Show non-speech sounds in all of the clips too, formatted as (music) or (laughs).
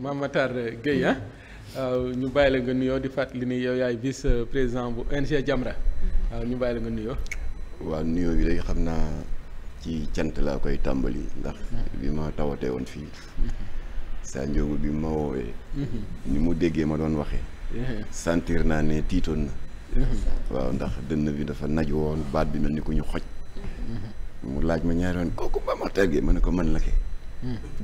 Mame tar Gueye ah waaw ñu bàyyi la nga nuyoo di li ni yow yaay vice euh, président bu ONG Jamra waaw ñu bàyyi la nga nuyoo. waaw nuyoo bi day xam naa ci cant laa koy tàmbali ndax bi ma tawatee woon fii saa njóogu bi ma woowee. ni mu déggee ma doon waxee. sentir naa ne tiitoon na. waaw ndax dënn bi dafa naj woon baat bi mel ni ku ñu xoj. mu laaj ma ñaari woon kooku Mame Matar Gueye ma ne ko mën la ke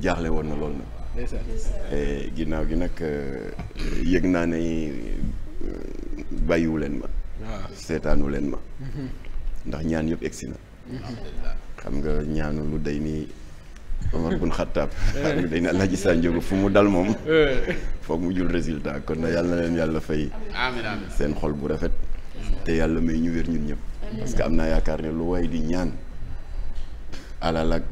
jaaxle woon na lool na Eh, ginnaaw gi nag eh, yëg naa ne eh, bàyyiwu leen ma seetaanu leen ma mhm. ndax ñaan yëpp egsi na xam nga ñaanu lu day nii Omar bun Xattaab (laughs) lu day nii Alaaji Sa Njóogu fu mu dal moom foog mu jul résultat kon na yàlla na leen yàlla fay seen xol bu rafet te yàlla may ñu wér ñun ñëpp parce que am naa yaakaar ne lu waay di ñaan alal ak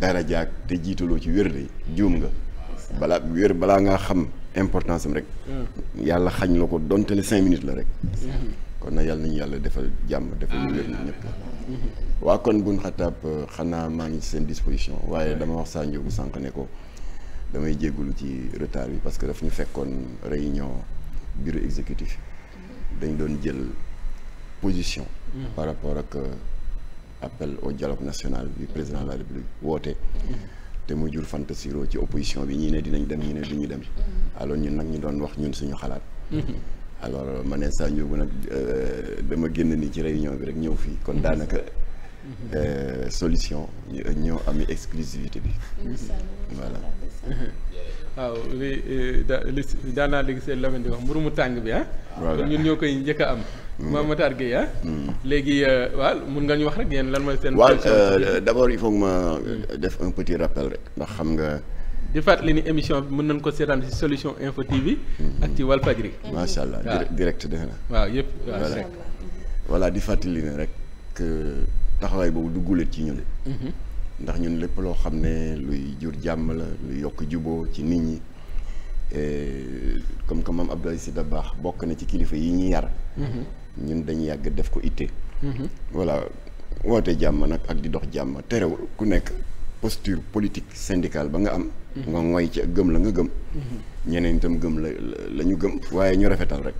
dara jaag te jiitaloo ci wér de juum nga balaa wér balaa ngaa xam importance am rek mm. yàlla xañ la ko dontale cinq minutes la rek mm-hmm. kon na yàlla nañu yàlla defal jàmm defal ñu wér ñëpp mm-hmm. waa kon buñ xataab euh, xanaa maa ngi ci seen disposition waaye dama wax saa njóogu sànq ne ko damay jéggulu ci retard bi parce que daf ñu fekkoon réunion bureau exécutif mm-hmm. dañ doon jël position par rapport ak euh, appel au dialogue national bi président de la république woote te mu jur fantasiro ci opposition bi ñii ne dinañ dem ñii ne duñu dem alors ñun nag ñu doon wax ñun suñu xalaat (laughs) alors euh, manee saa saa njóobu nag euh, dama génn ni ci réunion bi rek ñëw fii kon daanaka (laughs) euh, solution ñoo am exclusivité bi voilà (laughs) waaw li da li daanaa léegi seen Lamine mburu mu tàng bi ah ñun ñoo koy njëkk a am Mame mm. Matar Gueye ah. Mm. léegi euh, waaw mun nga ñu wax rek yéen lan mooy seen. waaw euh, d'abord il faut que ma mm. def un petit rappel rek ndax xam nga. di fàttali ni émission bi mën nañ ko seetaan ci solution info bi ak ci mm-hmm. Walfadjri. macha allah direct defe na. waaw yëpp waaw di fàttali ne rek taxawaay boobu du guléet ci ñu ñun. Mm-hmm. ndax ñun lépp loo xam ne luy jur jàmm la luy yokk juboo ci nit ñi comme que moom Abdoulaye Sy baax bokk na ci kilifa yi ñu yar. Mm-hmm. ñun dañu yàgg def ko ittee. Mhm. voilà woote jàmm nag ak di dox jàmm terewul ku nekk posture politique syndicale ba nga am. Mhm. nga ngoy ci gëm la nga gëm. Mhm. ñeneen itam gëm la la ñu gëm waaye ñu rafetal rek.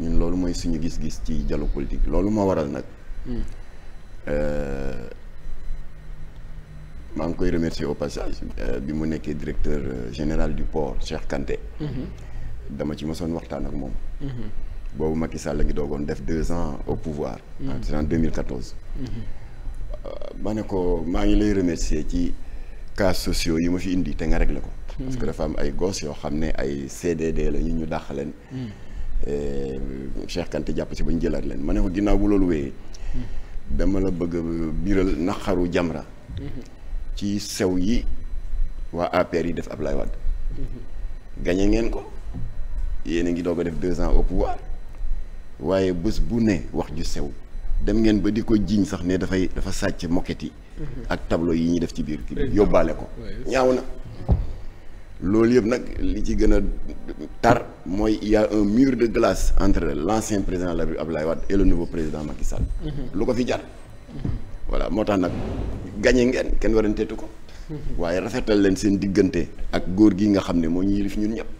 ñun loolu mooy suñu gis-gis ci dialogue politique loolu moo waral nag. Euh, maa ngi koy remercier au passage euh, bi mu nekkee directeur euh, général du port Cheikh Kanté. dama ci mosoon waxtaan ak moom. boobu Macky Sall la ngi doogoon def deux ans au pouvoir. Mm-hmm. Ah, en 2014. Mm-hmm. Euh, ma ne ko maa ngi lay remercier ci cas sociaux yi ma fi indi te nga réglé ko. Mm-hmm. parce que dafa am ay gos yoo xam ne ay CDD la ñu ñu dàq leen. Cheikh jàpp si ba ñu jëlaat leen ma ne ko ginnaaw bu loolu wéyee. dama la bëgg biral naqaru Jamra. ci sew yi waa APR yi def Ablaye Wade. gañe ngeen ko yéen a ngi doog a def deux ans au pouvoir. waaye bés bu ne wax ju sew dem ngeen ba di ko jiiñ sax ne dafay dafa sàcc mokket yi mhm. ak tableau yi ñuy def ci biir kii bi yóbbaale ko ñaaw na loolu yëpp nag li ci gën a tar mooy il y a un mur de glace entre l'ancien président la Abdoulaye Wade et le nouveau président Macky Sall mhm. lu ko fi jar mhm. voilà moo tax nag gañe ngeen kenn waranteetu ko waaye rafetal leen seen diggante ak góor gi nga xam ne moo ñu yilif ñun ñëpp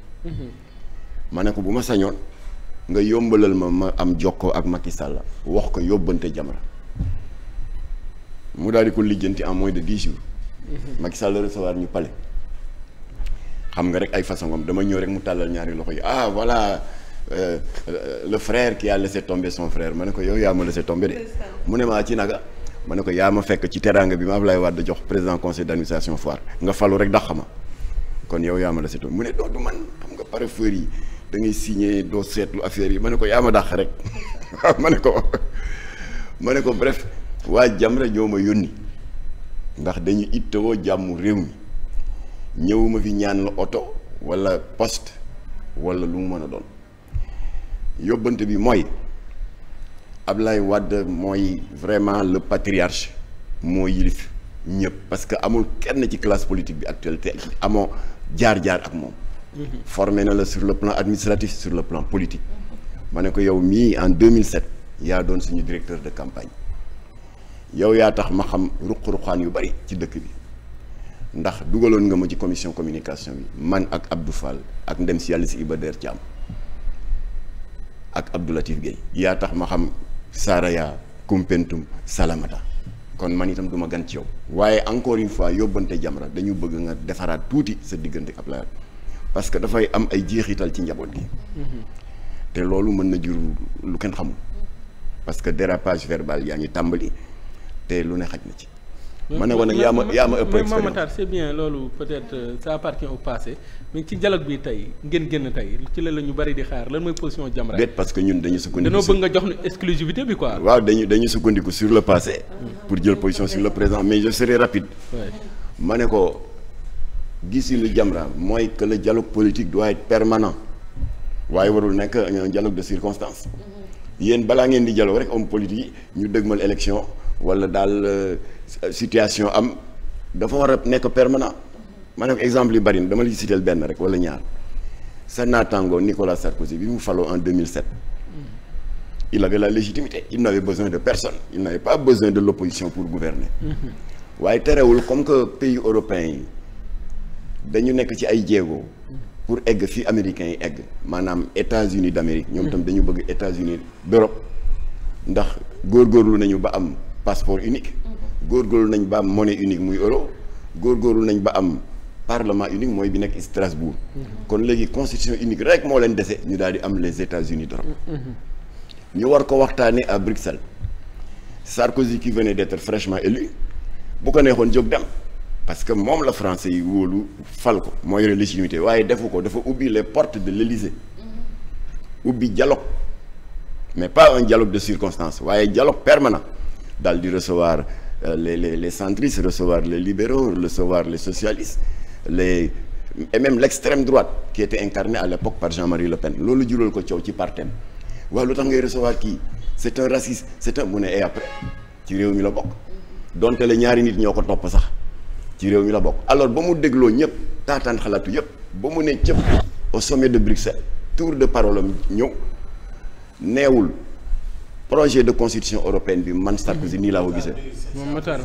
ma ne ko bu ma sañoon nga yombalal ma ma am jokkoo ak Macky Sall wax ko yóbbante Jamra mu daal di ko lijjanti en moins de dix jours. Mhm. Macky Sall recevoir ñu pale xam nga rek ay façon am dama ñëw rek mu tàllal ñaari loxo yi ah voilà euh, euh le frère qui a laissé tomber son frère ma ne ko yow yaa ma laissé de. mu ne maa ah, ci naga ma ne ko yaa ma fekk ci teraanga bi ma Ablaye Wade jox président conseil d'administration foire nga falu rek dax ma kon yow yaa ma laissé tomber mu ne dootu xam nga pare feur yi. da ngay signé doo seetlu affaire yi ma ne ko yaa ma dàq rek (laughs) ma ne ko (laughs) ma ne ko bref waa Jamra ñoo ma yónni ndax dañu ittawoo jàmm réew mi ñëwuma fi ñaan la oto walla post walla lu mu mën a doon yóbbante bi mooy ab Ablaye Wade mooy vraiment le patriarche moo yilif ñëpp parce que amul kenn ci classe politique bi actualité amoo jaar-jaar ak moom formé na la sur le plan administratif sur le plan politique ma ne ko yow mii en 2007 yaa doon suñu directeur de campagne yow yaa tax ma xam ruq-ruqaan yu bari ci dëkk bi ndax dugaloon nga ma ci commission communication bi man ak Abdou Fall ak ndem si yàlla si Iba Der ak Abdou Latif Gueye yaa tax ma xam Saraya Kumpentum Salamata kon man itam du ma gan ci yow waaye encore une fois yóbbante Jamra dañu bëgg nga defaraat tuuti sa diggante ab Ablaye parce que dafay am ay jeexital ci njaboot gi. Mm-hmm. te loolu mën na jur lu kenn xamul. parce que dérapage verbal yaa ngi tàmbali te lu ne xaj na ci. ma ko nag yaa ma yaa ma ëpp expérience mais Mamatar c'est bien loolu peut-être euh, ça appartient au passé ci dialogue bi tey ngeen génn tey ci la la ñu bari di xaar lan mooy position Jamra. déet parce que ñun dañu sukkandiku. danoo bëgg nga jox ñu exclusivité bi quoi. waaw dañu dañu sukkandiku sur le passé. Mm. pour jël position sur le présent mais je serai rapide. ma ne ko. gisi lu Jamra mooy que le dialogue politique doit être permanent waaye warul nekk un dialogue de circonstance mm-hmm. yéen balaa ngeen di dialogue rek homme politique yi ñu dëgmal élection wala daal euh, situation am dafa war a nekk permanent mm-hmm. maanaam exemple yu bari na dama la citeel benn rek wala ñaar sa naataango Nicolas Sarkozy bi mu faloo en 2007 mm-hmm. il avait la légitimité il n'avait besoin de personne il n'avait pas besoin de l'opposition pour gouverner waaye terewul comme que pays européens yi dañu nekk ci ay jéego pour egg fi américains yi egg maanaam États-Unis d'Amérique ñoom tam dañu bëgg États-Unis d'Europe ndax góor góorgóorlu nañu ba am passeport unique góorgóorlu nañ ba am unique muy euro góorgóorlu nañ ba am parlement unique mooy bi nekk Strasbourg kon léegi constitution unique rek moo leen dese ñu daal di am les États-Unis d'Europe ñu war ko waxtaanee à Bruxelles Sarkozy qui venait d'être fraîchement élu bu ko neexoon jóg dem parce que moom la français yi wóolu fal ko moo yore légitimité waaye defu ko dafa ubbi les portes de l'Élysée mm-hmm. ubbi dialogue mais pas un dialogue de circonstance waaye dialogue permanent daal di recevoir euh, les les les centristes recevoir les libéraux recevoir les socialistes les et même l'extrême droite qui était incarnée à l'époque par Jean-Marie Le Pen loolu jural ko coow ci partem waaw lu tax ngay recevoir kii c'est un raciste c'est un mu ne et eh, après ci réew mi la bokk mm-hmm. donte la ñaari nit ñoo ko topp sax ci réew mi la bokk alors ba mu dégloo ñëpp taataan xalaatu yëpp ba mu nee cëpp au sommet de Bruxelles tour de parole am ñëw neewul projet de constitution européenne bi man Sarkozy nii laa ko gisee. moom Matar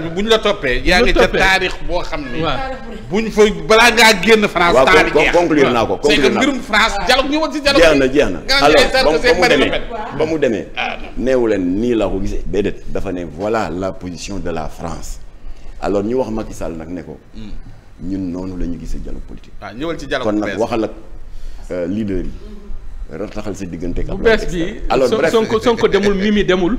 bi bu ñu la toppee. yaa ngi boo xam ne. ñu fa balaa ngaa génn France. taarix jeex naa ko conclure naa ko mbirum France jeex na jeex na alors ba mu demee ba ah. mu demee. neewu leen nii laa ko gisee. déedéet dafa ne voilà la position de la France alors ñu wax Macky Sall nag ne ko. Hmm. ñun noonu lañu gise gisee dialogue politique. Ah, ci dialogue kon nag waxal ak euh, leader yi. rataxal sa diggante ak. bu bees bi alors bref Sonko Sonko demul Mimi demul.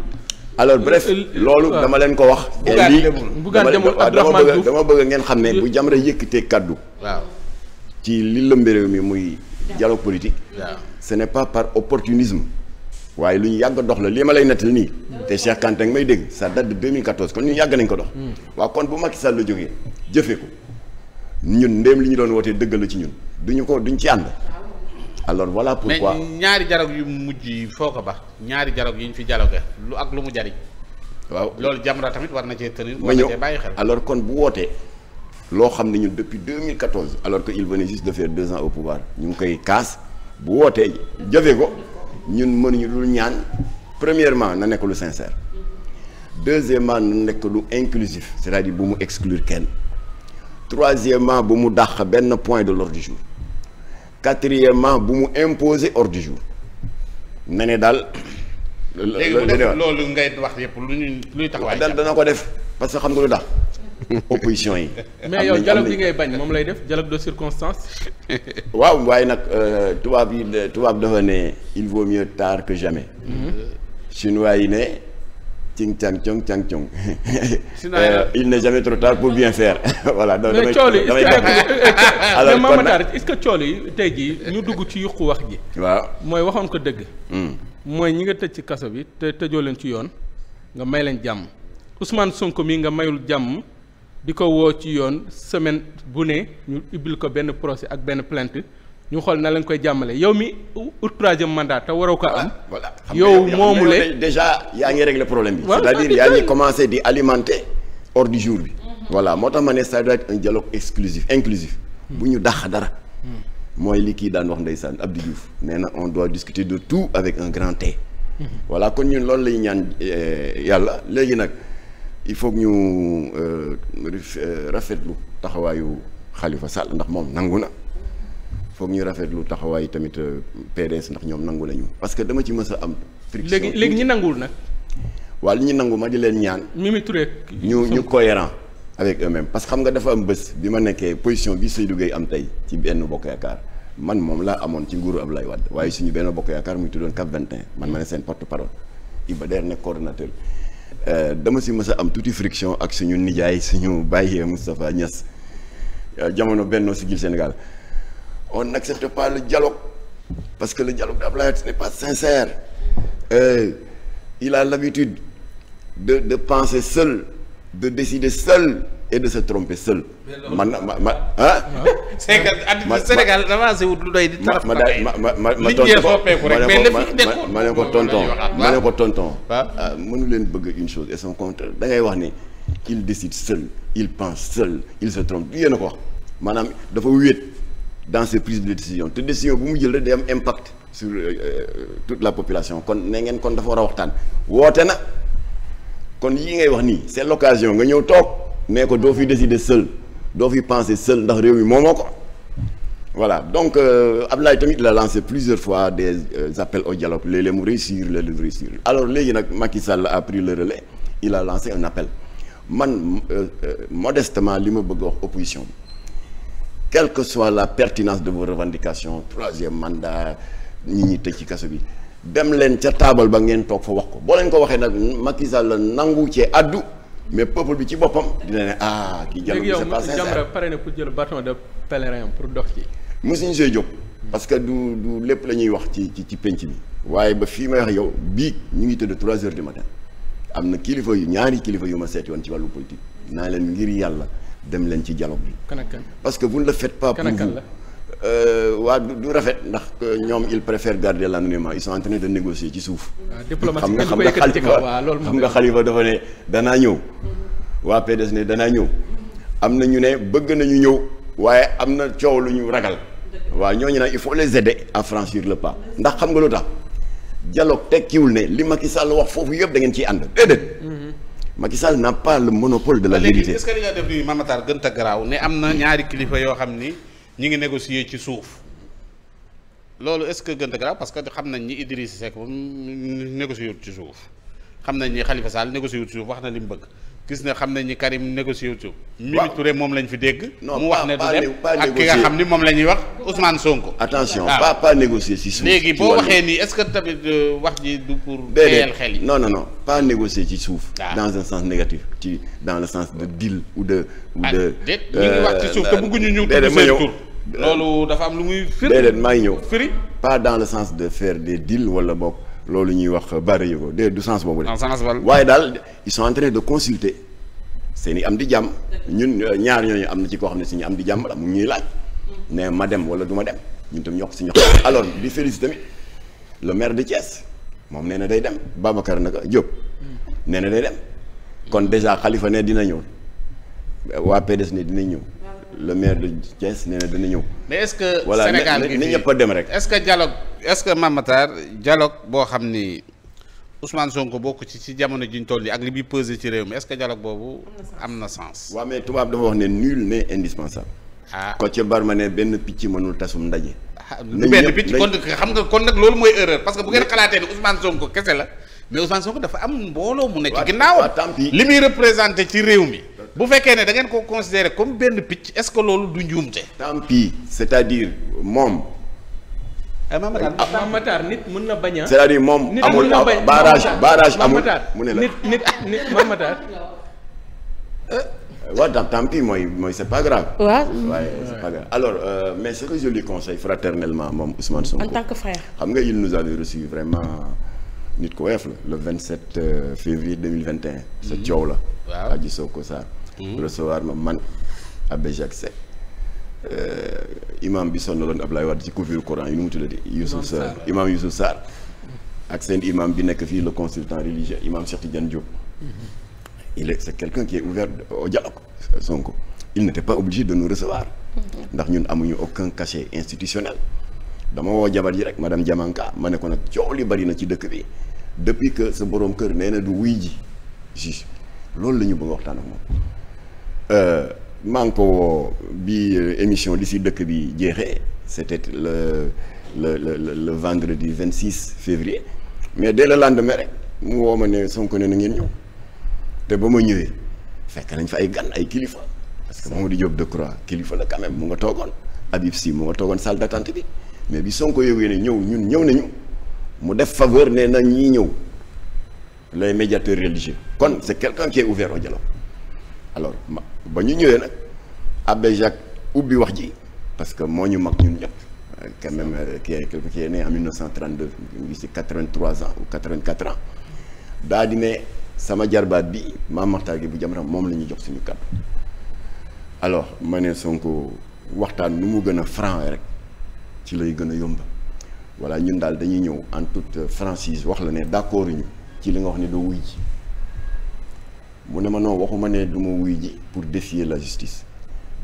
alors bref euh, euh, loolu dama leen ko wax. bugaan demul bugaan demul Abdourahmane Diouf dama bëgg ngeen xam ne bu Jamra yëkkatee kaddu. kàddu ci li lëmbe réew mi muy. dialogue politique. waaw ce n'est pas par opportunisme. waaye lu ñu yàgg dox la lii ma lay nettali nii. Mm. te Cheikh Kanté may dégg ça date de 2014 kon ñu yàgg nañ ko dox. Mm. waa kon bu Macky Sall la jógee jëfee ko ñun ndéem li ñu doon wootee dëggalu ci ñun duñu ko duñ ci ànd. alors voilà pourquoi mais ñaari dialogue yu mujj yi foo ko ba ñaari dialogue yi ñu fi dialogue lu ak lu mu jariñ waaw loolu Jamra tamit war na cee tenir war na cee bàyyi xel alors kon bu wootee loo xam ne ñun depuis 2014 alors que il venait de faire deux ans au pouvoir ñu ngi koy kaas bu wootee jëfee ko ñun mënuñu lu ñaan premièrement na nekk lu sincère deuxièmement na nekk lu inclusif c'est-à-dire bu mu exclure kenn troisièmement bu mu dàq benn point de l'ordre du quatrièmement bu mu imposer ordre du jour na ne daal. loolu ngay wax yëpp lu ñu luy taxawaay dana ko def parce que xam nga lu da opposition yi. (laughs) mais yow dialogue bi ngay bañ moom lay def dialogue de circonstance. (laughs) waaw waaye nag euh, tubaab yi tubaab dafa ne il vaut mieux tard que jamais. Mhm. chinois yi ne. cing cang cong can cong. (laughs) Euh, il n'est jamais trop pour bien faire. (laughs) voilà donc damay damay (laughs) alors kon nag mais est-ce que cool yi tey jii ñu dugg ci yuqu wax ji. waaw mooy waxoon ko dëgg. Hmm. mooy ñi nga tëj ci kaso bi te tëjoo leen ci yoon nga may leen jàmm Ousmane Sonko mi nga mayul jàmm di ko woo ci yoon semaine bu ne ñu ibbil ko benn procès ak benn plant ñu xool na lañ koy jàmmale yow mi ut troisième mandat te waroo ko am. voilà yow moomu la déjà yaa ngi régler problème bi. c'est-à-dire yaa ngi commencé di alimenter or du jour bi. Mhm. voilà moo tax ma ne ça doit être un dialogue exclusif inclusif. Mhm. bu ñu dàq dara. Mhm. mooy li kii daan wax ndeysaan Abdou Diouf nee na on doit discuter de tout avec un grand T. voilà kon ñu loolu lay ñaan eh, yàlla léegi nag il faut ñu ñu euh, euh, rafetlu taxawaayu Khalifa Sall ndax moom nangu na. foog ñu rafetlu taxawaay tamit euh, PDS ndax ñoom nangu nañu parce que dama ci mës a am. friction léegi léegi ñi nanguwul nag. waa li ñu nangu ma di leen ñaan. Mimi Touré ñu ñu cohérent avec eux parce que xam nga dafa am bés bi ma nekkee position bi Seydou Gueye am tey ci benn bokk yaakaar man moom laa amoon ci nguuru Abdoulaye Wade waaye suñu benn bokk yaakaar muy tuddoon CAP 21 man ma ne seen porte parole Iba Der nekk coordonnateur euh, dama si mës a am tuuti friction ak suñu nijaay suñu bàyyee Moustapha Niass euh, jamono Benno Siggil Sénégal. on n'accepte pas le dialogue parce que le dialogue d'Abdoulaye ce n'est pas sincère euh, il a l'habitude de de penser seul de décider seul et de se tromper seul. man na ma ma ah. (laughs) c'est que Sénégal avancé wut lu doy di. ma ma ma ma ma tonton ko ma ne ko tonton ma ne ko tonton. ah mënu leen bëgg une chose et son contraire da ngay wax ni il décide seul il pense seul il se trompe yéen ko wax maanaam dafa wéet. dans ses prises de décision te décision bu mu jël rek day am impact sur euh, euh, toute la population kon ne ngeen kon dafa war a waxtaan woote na kon yi ngay wax nii c'est l'occasion nga ñëw toog mais ko doo fi décider seul doo fi panse seul ndax réew yi moo moomoo ko voilà donc euh, Abdoulaye tamit la lancé plusieurs fois des appels au dialogue léeg-léeg mu réussir léeg-léeg réussir alors léegi nag Macky Sall a pris le relais il a lancé un appel man modestement li ma bëgg wax opposition quelle que soit la pertinence de vos revendications troisième mandat ñi ñuy tëj ci kaso bi dem leen ca taabal ba ngeen toog fa wax ko boo leen ko waxee nag Macky Sall la nangu cee addu mais peuple bi ci boppam dina ne ah. kii jàll bi c'est pas sincère pare na pour jël bâton de pèlerin pour dox ci. mosuñ see jóg. parce que du du lépp la ñuy wax ci ci ci penc bi. waaye ba fii may wax yow bii ñu ngi tëdd trois heures du matin am na kilifa yu ñaari kilifa yu ma seet woon ci wàllu politique naa leen ngir yàlla. dem leen ci dialogue bi. parce que vous ne le faites pas. pour vous euh, waa du rafet ndax ñoom il ils la garder l'anonymat ils sont en train de négocier ci suuf. Ah, xam nga xam nga xalifa xam nga xalifa dafa ne danaa ñëw. waa PDS ne danaa ñëw. am na ñu ne bëgg nañu ñëw waaye am na coow lu ñu ragal. waaw ñooñu nag il faut les aider à franchir le pas ndax xam nga lu tax dialogue tekkiwul ne li Macky Sall wax foofu yëpp da ngeen ciy ànd Macky Sall n'a pas le monopole de la vérité. est-ce nga def nii Mame gën a garaaw ne am na ñaari kilifa yoo xam ni ñu ngi négocier ci suuf loolu est-ce que gën a garaaw parce que xam nañ ni Idrissa Seck moom négocier ci suuf xam nañ ni Khalifa Sall négocier ci suuf wax na li mu bëgg. gis ne xam nañ ni Karim négocié wu ci. Mimi Touré moom lañ fi dégg. mu wax ne du dem ak ki nga xam ni moom la ñuy wax Ousmane Sonko. attention ah. pas pas négocier si suuf. léegi boo waxee nii est-ce que tamit euh, wax ji du pour. déedéet xel yi non non non pas négocier ci suuf. Ah. dans un sens négatif ci dans le sens de deal ou de. ou ah, de déet ñu ngi wax ci suuf euh, ñëw loolu dafa am lu muy. firi déedéet maa ngi ñëw firi. pas dans le sens de faire de deals wala bokk. loolu ñuy wax bari yëgo dé du sens boobu de waaye daal ils sont en de consulter seen i am di jàmm ñun euh, ñaar ñooñu am na ci koo xam ne si ñu am di jàmm la mu ñuy laaj ne ma dem wala du ma dem ñun tam ñox si ñox alors di féliciter tamit le maire de Thiès moom nee na day dem Babacar nag a mm. nee na day dem kon déjà xalifa ne dina ñëw waa PDS ne dina ñëw le maire de Thiès nee na dana ñëw. mais est-ce que voilà, Sénégal gi voilà ñëpp a dem rek. est-ce que dialogue que Mamatar dialogue boo xam ni Ousmane Sonko bokk ci ci jamono ji ñu toll nii ak li bi pesé ci réew mi est-ce que dialogue boobu am na sens. waaw mais tubaab dafa wax ne nul n'est indispensable. ah ko ca Barma ne benn picc mënul tasum ndaje. Ah, nañ benn picc kon xam nga kon nag loolu mooy erreur parce que bu ngeen xalaatee ni Ousmane Sonko kese la mais Ousmane Sonko dafa am mbooloo li muy représenté ci réew mi. bu fekkee ne da ngeen ko considérer comme benn picc est-ce que loolu du njuumte. tant pis cest à moom. Eh, Mame ah, nit mën na bañ a. c'est-à-dire moom amul barrage barrage amul mu ne la nit nit nit Mame Matar. Euh, waaw tant mooy mooy c'est pas grave. waaye c'est pas grave alors euh, mais ce que je lui conseille fraternellement moom Ousmane Sonko. en tant xam nga il nous avait reçu vraiment nit ku woyof la le 27 euh, février sa coow la. waaw aji Sonko Sarr. Hmm? recevoir ma man Abbé Jacques Seck euh, imam bi sonaloon Ablaye Wade ci couvrir Coran yi nu mu tuddati Youssou Sarr imam Youssou Sarr ak seen imam bi nekk fii le consultant religieux imam Cheikh Tidiane Diop hmm. il est c'est quelqu'un qui est ouvert au dialogue Sonko il n'était pas obligé de recevoir hmm. ndax ñun amuñu aucun cachet institutionnel dama woo jabar ji rek madame Diamanka ma ne ko nag coow li bari na ci dëkk bi depuis que sa boroom kër nee na du wuy ji juge loolu la ñu bëgg waxtaan ak moom Euh, maa ngi woo bi euh, émission li si dëkk bi jeexee c'était le la le le vendredi vingt six février mais dès le lendemain rek mu woo ma ne Sonko ne na ngeen ñëw te ba ma ñëwee fekk nañ fa ay gan ay kilifa parce que Mamadou Diop Decroix kilifa la quand même mu nga toogoon Habib Sy mu nga toogoon salle d'attente bi mais bi Sonko yëgee ne ñëw ñun ñëw nañu mu def faveur ne na ñii ñëw les médiateurs religieux kon c'est quelqu'un qui est ouvert au dialogue alors ba ñu ñëwee nag abbé Jacques ubbi wax ji parce que moo ñu mag ñun ñëpp euh, quand même euh, qui est quelqu'un qui est né en 1932 mu ngi si 83 ans ou 84 ans daa di ne sama jarbaat bi Mame Makhtar gi bu Jamra moom la ñu jox suñu kàddu alors ma ne Sonko waxtaan nu mu gën a franc rek ci lay gën a yomb voilà ñun daal dañuy ñëw en toute franchise wax la ne d'accord ñu ci li nga wax ne doo wuy mu ne ma non waxuma ne du ma wuyu ji pour défier la justice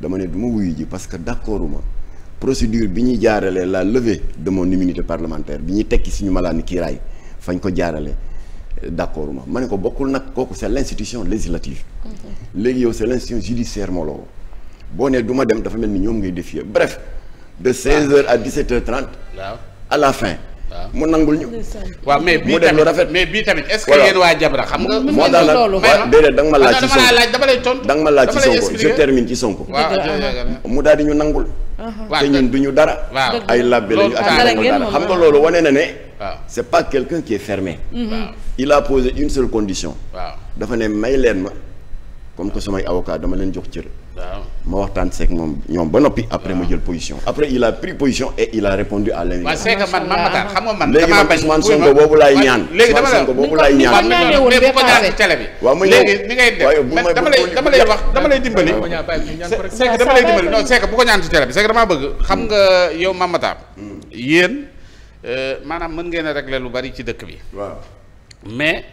dama ne du ma wuyu ji parce que d'accorduma procédure bi ñuy jaaralee la levée de mon immunité parlementaire bi ñuy tekki suñu malaani kiiraay fañ ko jaaralee d'accorduma ma ne ko bokkul nag kooku c'est l'institution législative mm-hmm. léegi yow c'est l'institution judiciaire moo la woo boo nee duma dem dafa mel ni ñoom ngay défier bref de 16 heures à 17 heures 30 à la fin mu nangul ñu. waaw mais bii rafet mais bii tamit est-ce waa Jabra xam nga. moo tax nag da nga ma laaj ci Sonko dama lay tontu da nga ma laaj ci Sonko je termine ci Sonko. mu daal di ñu nangul. te ñun du ñu dara. ay labbe lañu ñu dara xam nga loolu wane na ne. c'est pas quelqu'un qui est fermé. il a posé une seule condition. dafa ne may leen ma comme que samay avocat dama leen jox cër. ma waxtaan seeg moom ñoom ba noppi après ma ah. jël position après il a pris position et il a répondu à l'invitation. waaw c'est que man man Matar xam nga man. damaa man Ousmane Sonko boobu laay dama lay dama lay wax dama lay dimbali. c'est dama lay dimbali non c'est bu ko ñaan ci télé bi c'est que bëgg. xam mm. nga yow Mame mm. yéen euh, maanaam mën ngeen a lu bari ci dëkk bi. waaw mais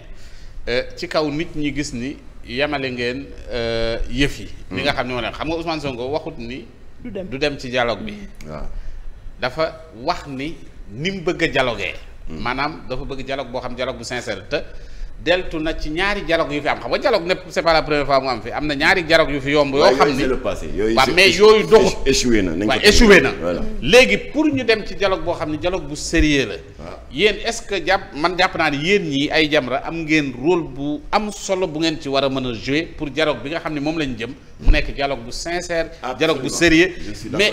euh, ci kaw nit ñi gis ni yemale ngeen euh, yëf yi. li nga mm. xam ne moo leen xam nga Ousmane Sonko waxut ni. du dem du dem ci jaloog bi. Mm. dafa wax ni ni mu bëgg a dialoguer. Mm. maanaam dafa bëgg jaloog boo xam dialogue bu sincère te. deltu na ci ñaari dialogue yu fi am xam nga dialogue nepp c'est pas la première fois mu am fi am na ñaari dialogue yu fi yomb yoo xam ni waaw mais yooyu doxut échoué na waaw léegi pour ñu dem ci dialogue boo xam ne dialogue bu sérieux la yéen est-ce que jàpp man jàpp naa ne yéen ñii ay Jamra am ngeen rôle bu am solo bu ngeen ci war a mën a jouer pour dialogue bi nga xam ne moom lañ jëm mu nekk dialogue bu sincère dialogue bu sérieux mais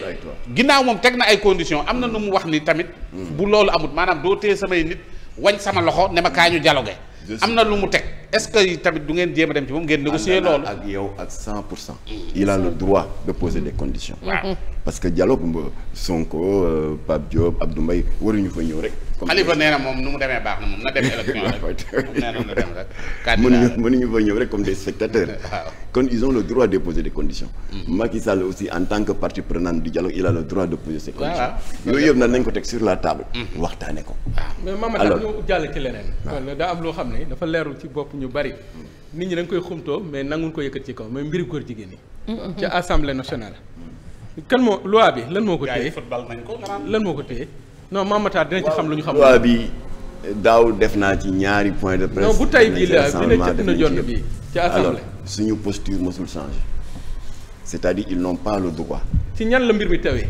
ginnaaw moom teg na ay conditions am na nu mu wax ni tamit hmm. bu loolu amut maanaam doo tee samay nit wañ sama loxo ne ma kaa am na lu mu teg est-ce que tamit du ngeen jéem a dem ci moom ngeen négocier loolu. ak yow ak 100 pour cent. il a le droit de poser des conditions. waaw parce que dialogue Sonko euh, Pape Diop Abdou Mbaye waruñu fa ñëw rek. Xalifa nee na moom nu mu demee baax na moom na dem élection rek (laughs) na dem rek. mënuñu mënuñu fa ñëw rek comme des spectateurs. (laughs) kon ils ont le droit de poser des conditions. Mm-hmm. Macky Sall aussi en tant que partie prenante du dialogue il a le droit de poser ses conditions. yooyu yëpp nag nañ ko teg sur la table. Mm-hmm. waxtaane ko. Ah. mais Mamadou ñu jàll ci leneen. Ah. daa am loo xam ne dafa leerul ci bopp ñu bari. Mm. nit ñi dañ koy xumtoo mais nanguñ ko yëkkat ci kaw mais mbiru góor jigéen ñi. Mm-hmm. ci assemblée nationale. kan moo loi bi lan moo ko téye lan moo ko téye. non Mame Matar dina ci xam lu ñu xam. waaw bi daaw def naa ci ñaari point de presse. bu tey bii la bi ne na jonn bi ci assemblée suñu posture mosul changé c'est-à-dire ils n'ont pas le droit. ci ñan la mbir mi tawee.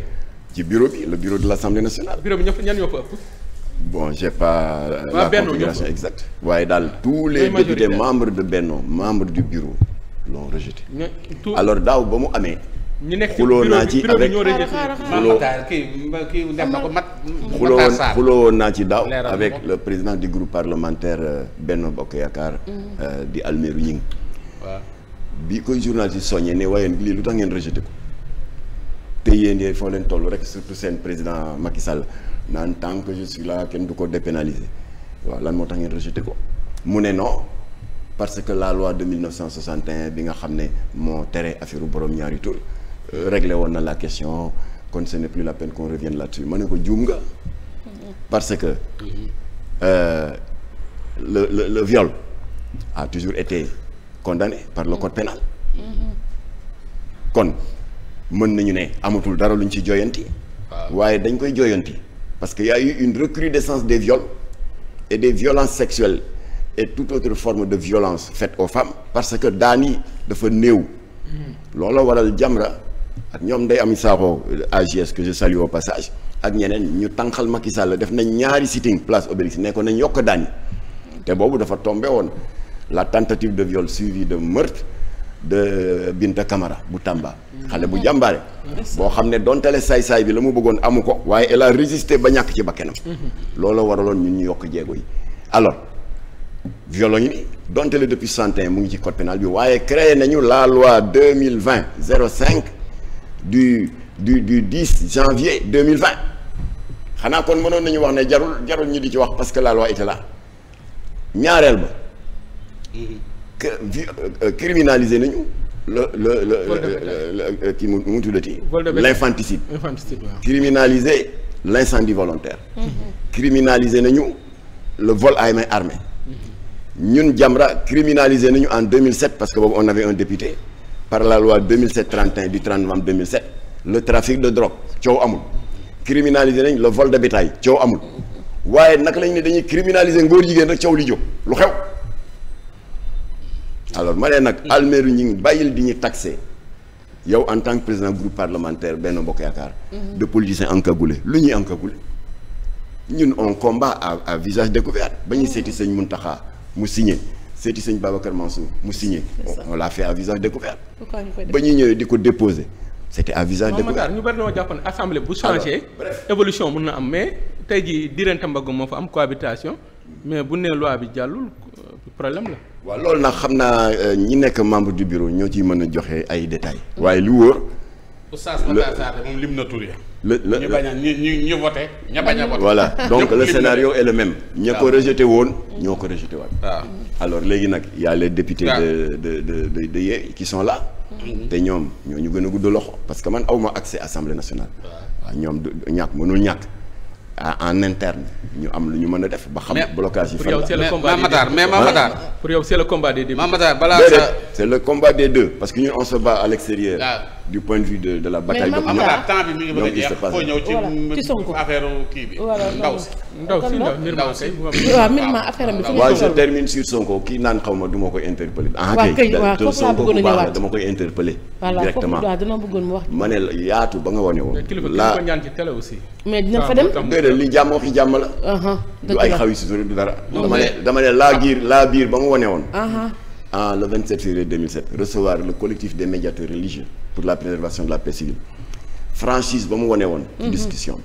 ci bureau bi le bureau de l'Assemblée nationale. bureau bi ñan ñoo fa ëpp. bon j'ai pas la configuration exact waaye daal tous les députés membres de Benno membres du bureau l'ont rejeté alors daaw ba mu amee ñu nekk ci xuloo naa ci avec xuloo xuloo xuloo woon naa ci daaw avec le président du groupe parlementaire euh, benn Bokk Yaakaar mm. euh, di Almeru Ñing bi koy journaliste soññee ne waaye lii lu tax ngeen rejeté ko te yéen yee foo leen toll rek surtout seen président Macky Sall naan tant que la kenn du ko dépénaliser waaw lan moo tax ngeen rejeté ko mu ne noo parce que la loi de 1961 bi nga xam ne moo tere affaire borom ñaari tur réglé woon na la question kon ce n'est plus la peine qu'on ne ko juum nga parce que euh, le le le viol a toujours été condamné par le code pénal kon mën nañu ne amatul dara luñ ci jooyanti ah. waaye dañ koy jooyanti parce que y une eu une recrudescence des viols et des violences sexuelles et toute autre forme de violence faite aux femmes parce que daani dafa néew hmm. looloo waral Jamra ak ñoom day am saaxoo AGS que je salue au passage ak ñeneen ñu tànqal Macky Sall def nañ ñaari sitting place Obélisque ne ko nañ yokk daan te boobu dafa tombé woon la tentative de viol suivie de meurtre de Binta Camara bu Tamba. xale bu jàmbaare. boo xam ne doontale saay-saay bi la mu bëggoon amu ko. waaye elle a résisté ba ñàkk ci bakkanam. loolu waraloon ñun ñu yokk jéego yi alors. violon yi ni donte le depuis cent mu ngi ci code pénal bi waaye créé nañu la loi deux mille vingt zéro cinq du du du 10 mille 2020 xanaa kon mënoon nañu wax ne jarul jarul ñu di ci wax parce que la loi était là ñaareel ba. Mhm. que euh, criminaliser nañu. le le le le kii mu mu tuddati. l'infanticide. l'infanticide waaw. criminaliser l'incendie volontaire. Mhm. criminaliser nañu le vol à main armée. Mhm. ñun Jamra criminaliser nañu en 2007 parce que boobu on avait un député. par la loi 2007-31 du 30 novembre 2007 le trafic de drogue coow amul criminaliser nañ le vol de bétail coow amul waaye nag lañ ne dañuy criminaliser ngóor jigéen rek coow li jóg lu xew alors ma ne nag almeeru ñi ngi bàyyil di ñu taxé yow en tant que président groupe parlementaire benn mbokk Yaakaar mhm. de politiciens encagoulés lu ñuy encagoulés ñun on combat à à visage découvert ba ñu seeti sëñ Muntaxa mu signé seeti sëñ Babacar Mansour mu signé. on l'a fait à visage ba ñuy ñëwee di ko déposé. c'était à visage découvert ñu bari noo jàpp ne bu changé. évolution mun na am mais tey jii diirante mbagg moo fa am cohabitation mais bu nee loi bi jàllul problème la. waa loolu nag xam naa euh, ñi nekk membre di biro ñoo ciy mën a joxe ay détails. waaye lu wóor. oustaz Matar Sarr le le ñu bañ a ñu ñu ñu voté ña bañ a voté voilà (laughs) donc le scénario est le même. ña ko rejeté woon ñoo ko rejeté waat. alors léegi nag y a les députés. de de de de de qui sont là. Mhm. te ñoom ñoo ñu gën a gudd loxo parce que man awma accès assemblée nationale. waaw ñoom du ñàkk mënul ñàkk. en interne ñu am lu ñu mën a def ba xam blocage yi fan la mais Mamataar pour yow c'est le combat des deux. parce que ñu on se à l'extérieur du point de vue de de la bataille. mais Mamadou Ba temps bi mi ngi bëgg a jeex foo ñëw ci. Sonko affaire kii bi. ndaw si affaire am sur Sonko kii naan xaw ma du koy interpellé. Ah, waaw kay waaw foofu laa bëggoon a ñëwaat dama koy interpellé. directement voilà foofu dama bëggoon mu wax. ma ne la yaatu ba nga wane woon. la mais dina fa dem. déedéet li jàmm waxi jàmm la. du ay xaw si sori du dara. dama ne dama ne laa biir laa biir ba mu wane woon. en le 27 février 2007 recevoir le collectif des médiateurs religieux pour la préservation de la paix civile franchise ba mu wone woon ci mhm. discussion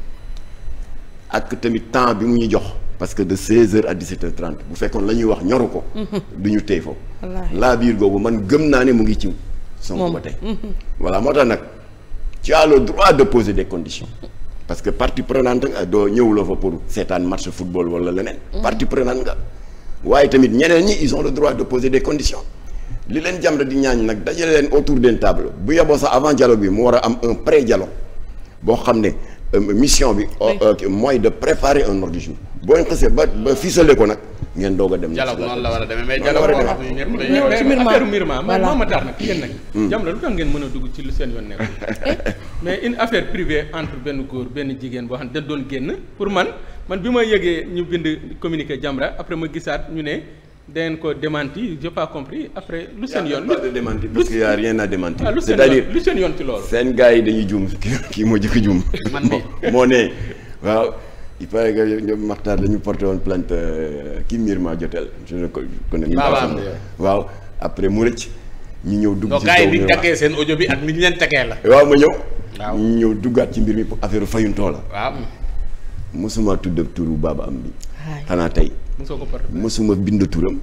ak tamit temps bi mu ñu jox parce que de 16h à 17h30 bu fekkoon la ñuy wax ñoru ko mhm. du ñu tey foofu laa biir googu man gëm naa ne mu ngi ci Sonko ba tey mhm. voilà moo tax nag tu droit de poser des conditions parce que partie prenante nga doo ñëwuloo fa pour seetaan match waaye tamit ñeneen ñi ils ont le droit de poser des conditions li leen Jamra di ñaañ nag dajale leen autour d'une table bu yeboo sax avant dialogue bi mu war a am un pré dialogue boo xam ne euh, mission bi. Euh, euh, mooy de préparer un ordre boo ñu xasee ba ba ficelé ko nag ngeen doog a dem. dialogue noonu la war a demee mais dialogue moo xam ne ñëpp ci (laughs) hmm. ngeen mën a dugg ci lu seen yoon nekk (laughs) mais une affaire privée entre benn góor benn jigéen boo xam ne da doon génn pour man. man bi ma yëgee ñu bind communiqué Jamra après ma gisaat ñu ne dangeen ko démenti j'ai pas compris après lu seen yoon. pas de démenti parce qu'il y a rien à démentir. Ah, seen yoon lu seen ci loolu. seen gars yi dañuy juum kii moo jëkk juum. man mii moo ne waaw. il paraît que ñoom Maxtaar dañu porté woon plainte euh, kii miir ma jotel je ne connais waaw après mu rëcc ñu ñëw dugg ci kaw bi takkee seen audio bi ak mi ñu leen takkee la waaw ma ñëw ñu ñëw duggaat ci mbir mi pour affaire fayuntoo la waaw mosuma tudd turu Baba Amdy xanaa tey mosuma bind turam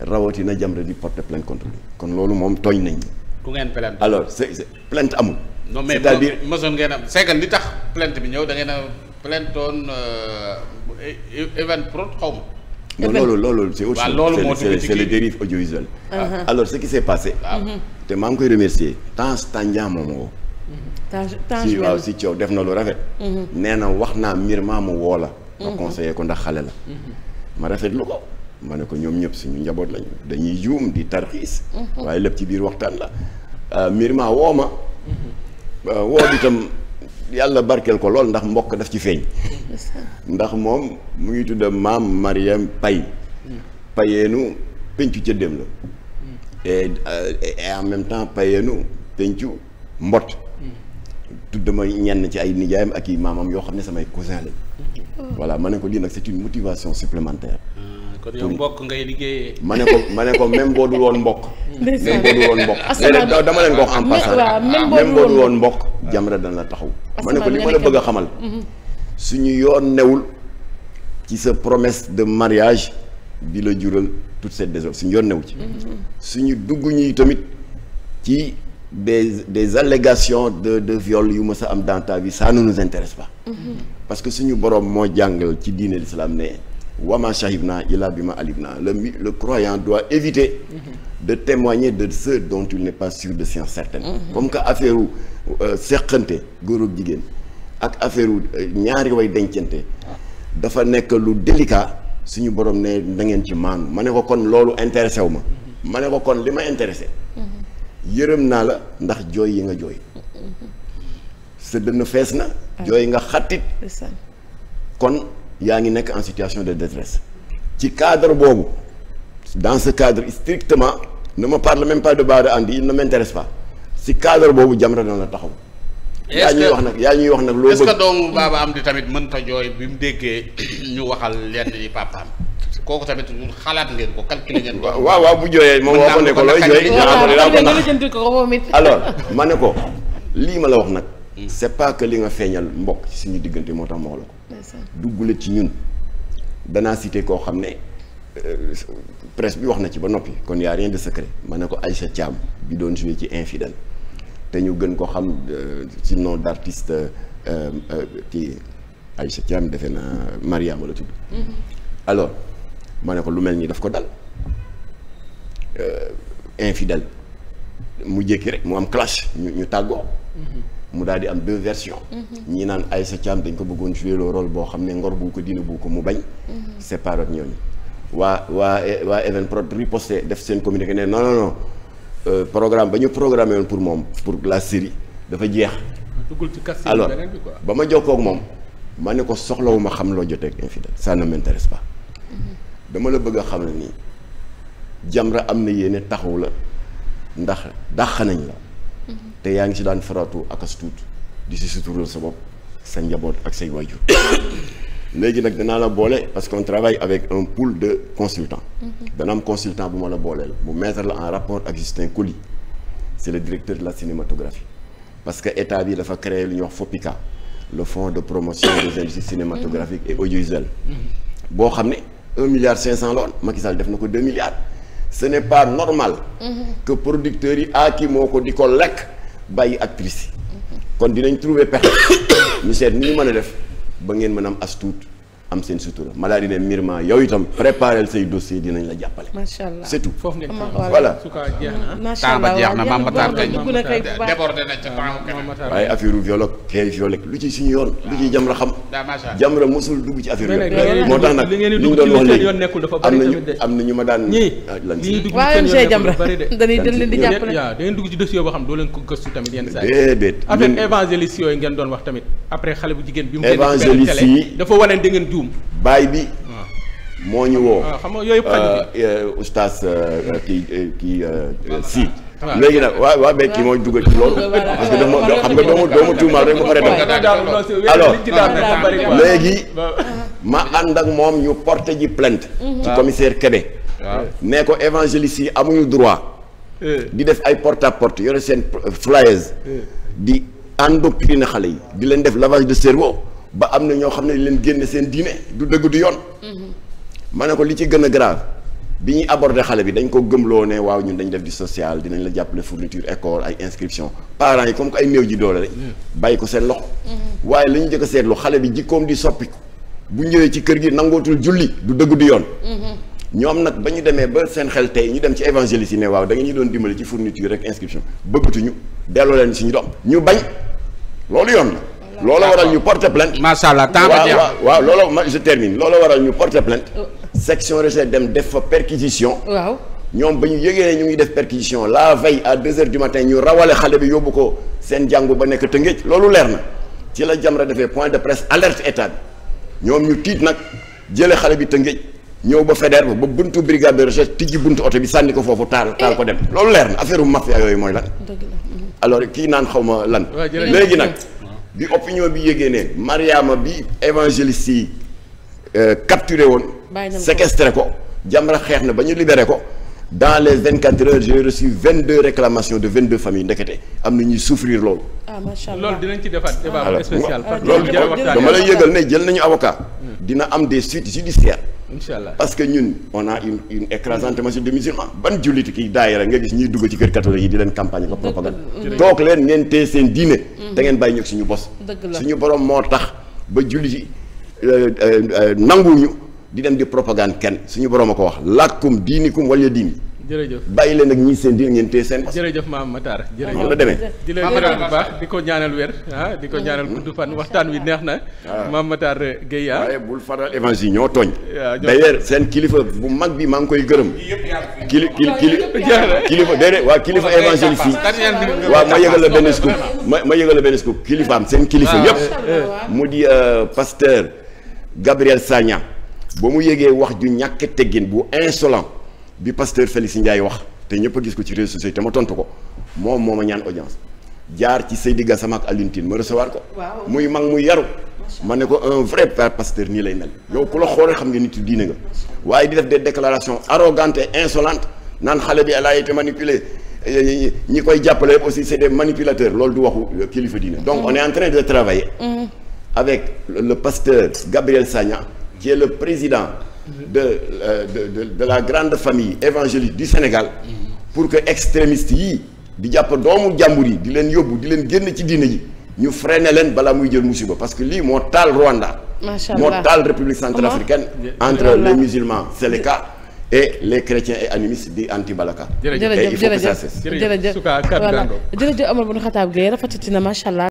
rawatina Jamra di porte plainte contre kon loolu moom tooñ nañ ku ngeen plainte alors c'est plainte amul non mais cest am c'est li tax plainte bi ñëw da ngeen a oon Evenprod euh, xaw ma non loolu loolu c'est autre chose c'est les dérives audiovisuelles uh-huh. alors ce qui s'est passé te maa ngi koy remercier ten Tandian moom si waaw si coow def na lu rafet. Mhm. nee na wax naa mbir maa mu woo la. nga mhm. conseillé ko ndax xale la. Mhm. ma rafetlu ko ma ne ko ñoom ñëpp suñu njaboot lañu dañuy juum di tarxiis. waaye lépp ci biir waxtaan la euh, mbir maa woo ma. Euh, woo itam yàlla barkeel ko lool ndax mbokk def ci feeñ. ndax moom mu ngi tudd maam Mariam Pay payeenu pencu cëddéem la. Euh, et en même temps payeenu pencu mbot. tudd ma ñenn ci ay nijaayam ak i maamam yoo xam ne samay cousin lañ. Mm. voilà ma ne ko lii nag c'est une motivation supplémentaire. Ah, kon yow mbokk ngay liggéeyee. ma ne ko ma ne ko même boo dul woon mbokk. (laughs) même boo dul woon mbokk. dama leen ko wax en passant. même dana la taxaw. ma ne ko li ma la bëgg a xamal. Mm-hmm. suñu yoon newul ci sa promesse de mariage bi la jural toute cette désordre suñu yoon newu ci. Mm-hmm. suñu dugg ñuy tamit ci. des des allégations de de viol yu mës a am dans bi vie ça ne intéresse pas. Mhm. parce que suñu borom moo jàngal ci diine l'islam ne wama shahibna ila bima alimna le le croyant doit éviter. Mhm. de témoigner de ce dont il n'est pas sûr de science certaine. Mhm. comme que affaire u euh, seqante góor jigéen ak affaire u euh, ñaari way dencante dafa nekk lu délicat suñu borom ne na ngeen ci maanu ma ne ko kon loolu intéressé wu ma. ma ne ko kon li ma intéressé. yërëm naa la ndax jooy yi nga jooy sa dënn fees na ah. jooy nga xattit kon yaa ngi nekk en situation de détresse ci cadre boobu dans ce cadre strictement ne me parle même pas de Bara Handy il ne m'intéresse pas ci cadre boobu Jamra dana la taxaw yaa ñuy wax nag yaa ñuy wax nag loo bëgg est-ce que doomu Baba tamit mënta jooy bi mu déggee ñu waxal lenn yi papaam kooku tamit xalaat ngeen ko calculer ngeen ko. waaw waaw bu jooyee moom wax ko ne ko looy jooy. alors ma ne ko lii ma la wax nag. c'est pas li nga feeñal mbokk ci suñu diggante moo tax ma wax la ko. duggule ci ñun danaa cité koo xam ne euh, presse bi wax na ci ba noppi kon y a rien de secret ma ne ko Aïcha Thiam bi doon joué ci infidèle te ñu gën ko xam euh, ci nom d'artiste euh, kii Aïcha Thiam defe na Mariama la tudd. Mm-hmm. alors. ma ne ko lu mel nii daf ko dal euh, infidèle mu jékki rek mu am clash ñu ñu tàggoo. Mm-hmm. mu daal di am deux versions. Mm-hmm. ñii naan Aïssa Thiam dañ ko bëggoon jouer le rôle boo xam ne ngor bu ko dina bu ko mu bañ. Mm-hmm. séparé ak ñooñu. waa waa waa Evenprod riposté def seen communiqué ne non non non euh, programme ba ñu programmé woon pour moom pour la série dafa jeex. duggul ci alors ba ma jokkoo moom ma ne ko soxlawuma xam loo jotee ak infidèle ça ne m'intéresse pas. dama la bëgg xam ne nii Jamra am na yéene taxaw la ndax dàq nañ la te yaa ngi ci daan faratu ak as tuut di si sutural sa bopp sa njaboot ak say waajur (coughs) léegi nag danaa la boole parce qu'on travaille avec un pool de consultants mm-hmm. dana am consultant bu ma la booleel mu mettre la en rapport ak Justin Coly c'est le directeur de la cinématographie parce que état bi dafa créer lu ñuy wax FOPICA le fonds de promotion des industries cinématographiques et audiovisuelles mm-hmm. boo xam ne un milliard cinq cent la woon Macky Sall def na ko deux milliards ce n'est pas normal mm-hmm. que producteurs yi aaki moo ko di ko lekk bàyyi actrice yi kon dinañ trouver pexe ñu seet ni ñu mën a def ba ngeen mën am as am seen sutura ma daal di ne yow itam préparel say dossier dinañ la jàppale. macha allah c'est tout foofu ngeen jeex na maam Matar waaye affaire viol ak kay lu ci suñu yoon. lu ci ah. Jamra xam. Jamra mosul dugg ci affaire yoon. moo tax nag li ñu ah, dugg ci seen yoon bu bëri da ngeen dugg ci dossier boo xam doo leen ko gëstu tamit yenn saa yi. yooyu ngeen doon wax tamit après xale bu jigéen bi mu. évangéliste yi dafa wane da ngeen baay bi. moo ñu woo. Ah, xam nga yooyu yëpp ah, eh, oustaz eh, eh, kii kii si. léegi nag waaw waa mais kii mooy dugal ci loolu. parce que dama xam nga doomu doomu tuumaal rek mu pare dem. alors léegi ma ànd ak moom ñu porté ji plainte. ci ah. commissaire Kébé. nee ko évangéliste yi amuñu droit. di def ay porte à porte yore seen flyers. di endoctriner xale yi di leen def lavage de cerveau. ba am na ñoo xam ne leen génne seen diine du dëgg du yoon. ma ne ko li ci gën a grave bi ñuy aborde xale bi dañ ko gëmloo ne waaw ñun dañ def di social dinañ la jàppale fourniture école ay inscription parent yi comme que ay néew ji doole rek. bàyyi ko seen loxo. waaye la ñu njëkk a seetlu xale bi jikkoom di soppi bu ñëwee ci kër gi nangootul julli du dëgg du yoon. ñoom nag ba ñu demee ba seen xel tey ñu dem ci évangéliste yi ne waaw da nga ñu doon dimbali ci fourniture rek inscription bëggatuñu delloo leen suñu doom ñu bañ loolu yoon looloo waral ñu porter plainte. macha allah oh. temps bi jeex waaw looloo ma je termine. looloo waral ñu porter plainte. section recherche dem def fa perquisition. waaw ñoom ba ñu yëgee ñu ngi def perquisition la veille à deux heures du matin ñu rawale xale bi yóbbu ko seen jàngu ba nekk Tëngéej loolu leer na ci la Jamra defee point de presse alerte état bi ñoom ñu tiit nag jëlee xale bi Tëngéej ñëw ba Faidherbe ba buntu brigade de recherche tijji buntu oto bi sànni ko foofu taal taal ko dem eh. loolu leer na affaire mafia yooyu mooy la alors kii naan xaw ma lan. léegi nag. bi opinion bi yégee ne Mariama bi évangéliste yi euh, capturé woon séquestré ko Jamra xeex na ba ñu libere ko dans les vingt quatre heures j'ai reçu vingt deux réclamations de vingt deux familles ndekete am na ñuy souffrir ah, loolu. ah dinañ ci defaat débat spécial. loolu dama lay yëgal ne jël nañu avocat. Hmm. dina am des suites judiciaires incha allah parce que ñun on a une une écrasante majorité de musulmans ban jullit kii daayira nga gis ñuy dugg ci kër catholique yi di leen campagne ko propagande toog leen ngeen tee seen diine mm. te ngeen bàyyi ñëg suñu bos suñu borom moo tax ba jullit euh, euh, euh, nanguñu di dem di propagande kenn suñu borom a ko wax làkkum diinikum wala diini jërëjëf bàyyi leen ak ñii seen dil ngeen téye seen. jërëjëf maam Matar jërëjëf noonu la demee. di leen bu baax di ko ñaanal wér ah di ko ñaanal mm-hmm. gudd waxtaan wi neex na. waaw ah. maam Matar Gueye ah. waaye bul ñoo tooñ. d'ailleurs seen kilifa bu mag bi maa ngi koy gërëm. kili kili kilifa déedéet waa kilifa évangile fii. waaw ma yëgal benn scoop ma ma yëgal la benn scoop kilifaam seen kilifa yëpp. mu di euh, pasteur Gabriel Sagna ba mu yëgee wax ju ñàkk teggin bu insolent bi pasteur Félix Ndiaye wax te ñëpp a gis ko ci réseaux sociaux te ma tontu ko moom moo ma ñaan audience jaar ci Seydi sama ak Alioune Tine ma recevoir ko. muy mag mu yaru. ma ne ko un vrai père pasteur nii lay mel. yow ku la xoolee xam nga nit yu diine nga. waaye di def des déclarations arrogantes et naan xale bi elle a été manipulée ñi koy jàppale aussi c' est des manipulateurs loolu du waxu kilifa diine. donc mm. on est en train de travailler. Mm. avec le pasteur Gabriel Sagna qui le président. Euh, de de de la grande famille évangélique du Sénégal. pour que extrémiste yii di jàpp doomu jàmbur yi di leen yóbbu di leen génn ci diine ji ñu freiné leen balaa muy jël musiba parce que lii moo taal Rwanda. macha allah moo taal République centrafricaine. entre les musulmans Seleka. et les chrétiens et animistes di anti balaka. jërëjëf jërëjëf jërëjëf jërëjëf Amadou Xataab Gueye rafetati na macha allah.